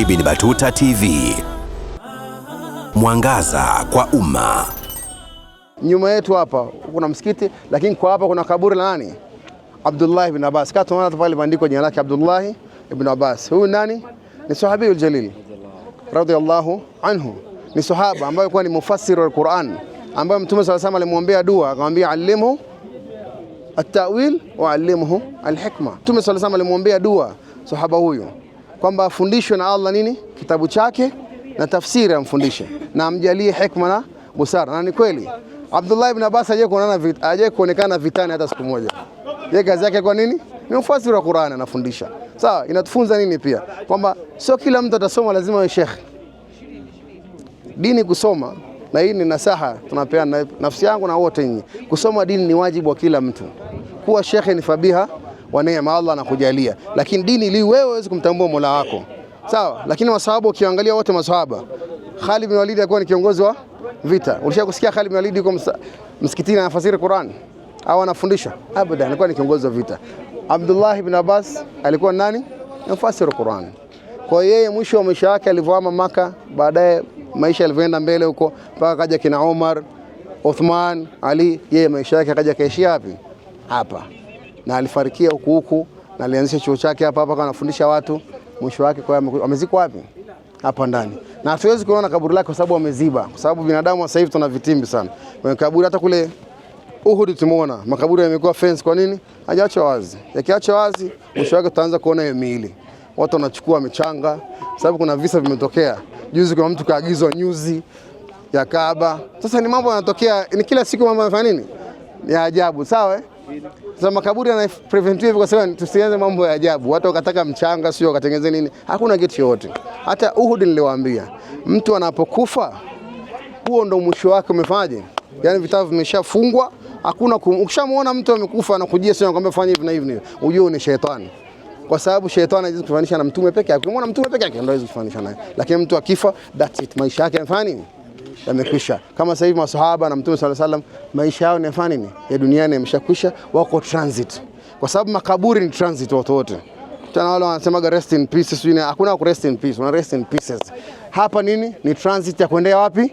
Ibn Batuta TV, mwangaza kwa umma. Nyuma yetu hapa kuna msikiti, lakini kwa hapa kuna kaburi la nani? Abdullah ibn Abbas. Kama tunaona pale maandiko jina lake Abdullah ibn Abbas. Huyu nani? Ni sahabiul jalil radhiyallahu anhu, ni sahaba ambaye kuwa ni mufassiri wa Qur'an, ambaye Mtume swalla sallam alimwombea dua akamwambia, alimu at-ta'wil wa alimuhu al-hikma. Mtume swalla sallam alimwombea dua sahaba huyu kwamba afundishwe na Allah nini kitabu chake na tafsiri amfundishe na amjalie hekima na busara. Na ni kweli Abdullah ibn Abbas aje kuonekana vitani hata siku moja. Yeye kazi yake kwa nini? Ni mfasiri wa Qur'an, anafundisha. Sawa, inatufunza nini pia? Kwamba sio kila mtu atasoma lazima awe shekhe. Dini kusoma na hii ni nasaha tunapeana nafsi yangu na wote nyinyi. Kusoma dini ni wajibu wa kila mtu. Kuwa shekhe ni fabiha wa neema, Allah anakujalia, lakini dini ili wewe uweze kumtambua Mola wako sawa. Lakini masahaba ukiangalia wote masahaba, Khalid bin Walid alikuwa ni kiongozi wa vita. Ulishakusikia Khalid bin Walid yuko msikitini anafasiri Qur'an au anafundisha? Abada, alikuwa ni kiongozi wa vita. Abdullah bin Abbas alikuwa nani? Mfasiri Qur'an. Kwa yeye mwisho wa maisha yake alivyohama Maka, baadaye maisha yalivyoenda mbele huko mpaka kaja kina Omar, Uthman, Ali, yeye maisha yake akaja kaishia wapi? Hapa na alifarikia huku huku na alianzisha chuo chake hapa hapa, anafundisha watu. Mwisho wake kwa amezikwa wapi? Hapa ndani, na hatuwezi kuona kaburi lake kwa sababu wameziba, kwa sababu binadamu sasa hivi tuna vitimbi sana kwenye kaburi. Hata kule Uhud tumeona makaburi yamekuwa fence. Kwa nini? hajaacha wazi. Yakiacha wazi, mwisho wake tutaanza kuona hiyo miili, watu wanachukua michanga, sababu kuna visa vimetokea juzi. Kuna mtu kaagizwa nyuzi ya kaba. Sasa ni mambo yanatokea, ni kila siku mambo yanafanya nini, ni ajabu. Sawa. eh? Sasa makaburi yana preventive kwa sababu tusianze mambo ya ajabu. Watu wakataka mchanga sio wakatengeneze nini, hakuna kitu yote. Hata Uhud niliwaambia, mtu anapokufa huo ndo mwisho wake. Umefanyaje? Yaani vitabu vimeshafungwa, hakuna ukishamuona mtu amekufa anakujia sio anakuambia fanya hivi na hivi, ujue ni shetani kwa sababu shetani hawezi kufanisha na mtume peke yake. Ukimwona mtume peke yake ndio hawezi kufanisha naye, lakini mtu akifa, that's it, maisha yake yanafanya nini? yamekwisha. Kama sasa hivi maswahaba na Mtume sallallahu alaihi wasallam maisha yao ni nini ya duniani yameshakwisha, wako transit, kwa sababu makaburi ni transit watu wote. Tena wale wanasemaga rest in peace, sio? Hakuna ku rest in peace, una rest in pieces. Hapa nini ni transit ya kuendea wapi?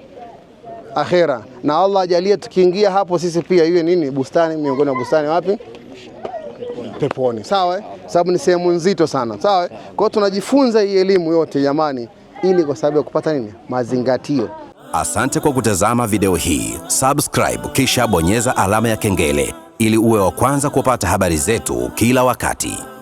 Akhera. Na Allah ajalie tukiingia hapo sisi pia iwe nini bustani miongoni mwa bustani wapi? Peponi. Sawa, eh? sababu ni sehemu nzito sana. Sawa, eh? kwa hiyo tunajifunza hii elimu yote jamani, ili kwa sababu ya kupata nini mazingatio Asante kwa kutazama video hii. Subscribe kisha bonyeza alama ya kengele ili uwe wa kwanza kupata habari zetu kila wakati.